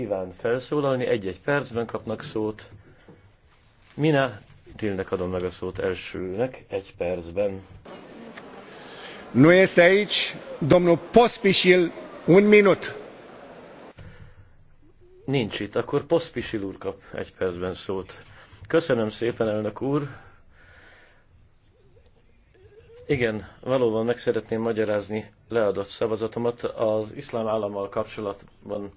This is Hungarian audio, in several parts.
kíván felszólalni, egy-egy percben kapnak szót. Mina Tilnek adom meg a szót elsőnek, egy percben. Nu este aici domnul Pospisil, un minut. Nincs itt, akkor Pospisil úr kap egy percben szót. Köszönöm szépen, elnök úr. Igen, valóban meg szeretném magyarázni leadott szavazatomat. Az iszlám állammal kapcsolatban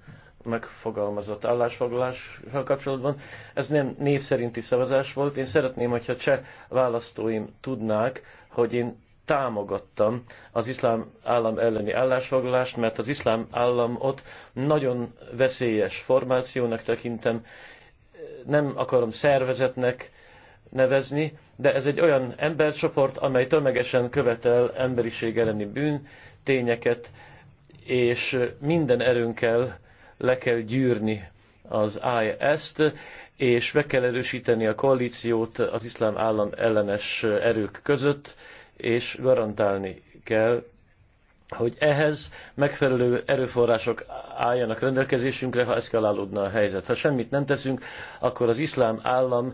megfogalmazott állásfoglalással kapcsolatban. Ez nem név szerinti szavazás volt. Én szeretném, hogyha cseh választóim tudnák, hogy én támogattam az iszlám állam elleni állásfoglalást, mert az iszlám államot nagyon veszélyes formációnak tekintem. Nem akarom szervezetnek nevezni, de ez egy olyan embercsoport, amely tömegesen követel emberiség elleni bűn, tényeket, és minden erőnkkel le kell gyűrni az IS-t, és meg kell erősíteni a koalíciót az iszlám állam ellenes erők között, és garantálni kell, hogy ehhez megfelelő erőforrások álljanak rendelkezésünkre, ha eszkalálódna a helyzet. Ha semmit nem teszünk, akkor az iszlám állam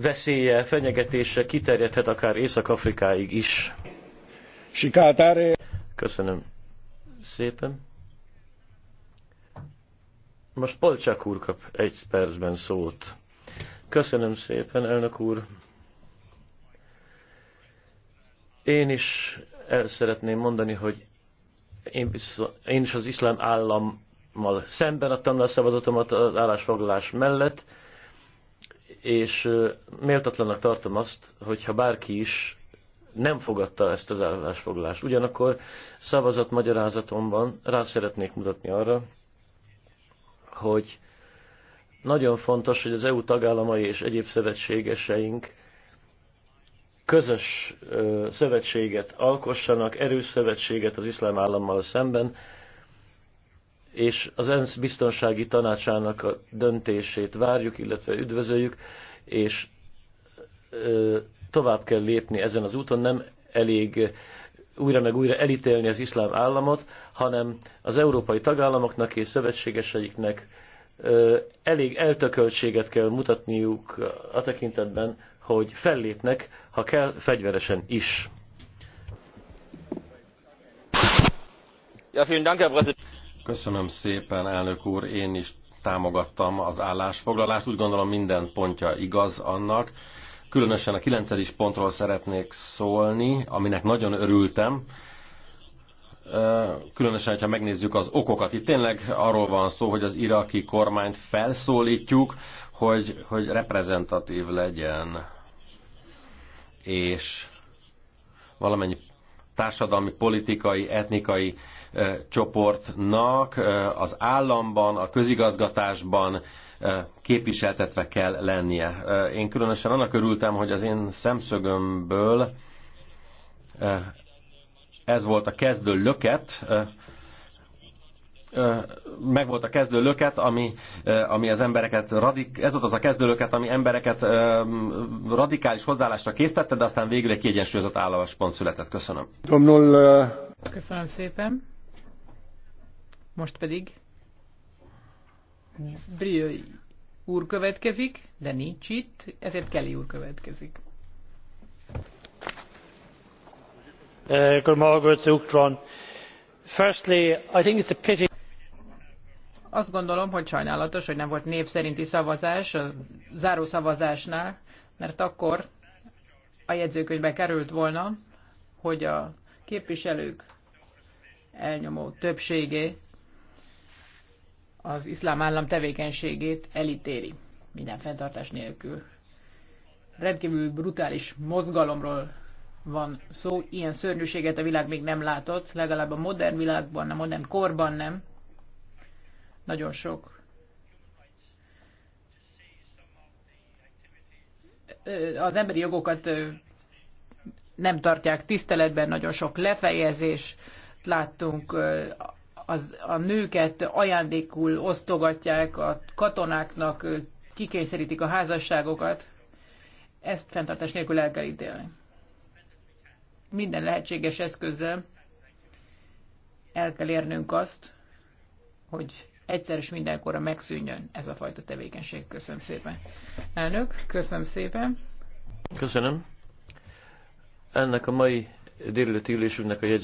veszélye, fenyegetése kiterjedhet akár Észak-Afrikáig is. Sikátáré! Köszönöm szépen. Most Polcsák úr kap egy percben szót. Köszönöm szépen, elnök úr. Én is el szeretném mondani, hogy én, biztos, én is az iszlám állammal szemben adtam le a szavazatomat az állásfoglalás mellett, és méltatlanak tartom azt, hogyha bárki is nem fogadta ezt az állásfoglalást. Ugyanakkor szavazatmagyarázatomban rá szeretnék mutatni arra, hogy nagyon fontos, hogy az EU tagállamai és egyéb szövetségeseink közös szövetséget alkossanak, erős szövetséget az iszlám állammal szemben, és az ENSZ biztonsági tanácsának a döntését várjuk, illetve üdvözöljük, és tovább kell lépni ezen az úton, nem elég újra meg újra elítélni az iszlám államot, hanem az európai tagállamoknak és szövetségeseiknek elég eltököltséget kell mutatniuk a tekintetben, hogy fellépnek, ha kell, fegyveresen is. Köszönöm szépen, elnök úr. Én is támogattam az állásfoglalást. Úgy gondolom minden pontja igaz annak, Különösen a kilencedik pontról szeretnék szólni, aminek nagyon örültem. Különösen, ha megnézzük az okokat. Itt tényleg arról van szó, hogy az iraki kormányt felszólítjuk, hogy, hogy reprezentatív legyen. És valamennyi társadalmi, politikai, etnikai csoportnak az államban, a közigazgatásban képviseltetve kell lennie. Én különösen annak örültem, hogy az én szemszögömből ez volt a kezdő löket, Megvolt a kezdőlöket, ami, ami az embereket, radik, ez volt az a kezdőlöket, ami embereket radikális hozzáállásra késztette, de aztán végül egy kiegyensúlyozott álláspont született. Köszönöm. Domnul... Köszönöm szépen. Most pedig Briői úr következik, de nincs itt, ezért Kelly úr következik. Uh, firstly i think it's a pity azt gondolom, hogy sajnálatos, hogy nem volt név szerinti szavazás a záró szavazásnál, mert akkor a jegyzőkönyvbe került volna, hogy a képviselők elnyomó többségé az iszlám állam tevékenységét elítéli minden fenntartás nélkül. Rendkívül brutális mozgalomról van szó, ilyen szörnyűséget a világ még nem látott, legalább a modern világban, a modern korban nem. Nagyon sok az emberi jogokat nem tartják tiszteletben, nagyon sok lefejezés láttunk, az, a nőket ajándékul osztogatják a katonáknak, kikényszerítik a házasságokat. Ezt fenntartás nélkül el kell ítélni. Minden lehetséges eszközzel el kell érnünk azt, hogy egyszer és mindenkorra megszűnjön ez a fajta tevékenység. Köszönöm szépen. Elnök, köszönöm szépen. Köszönöm. Ennek a mai délelőtti ülésünknek a jegyző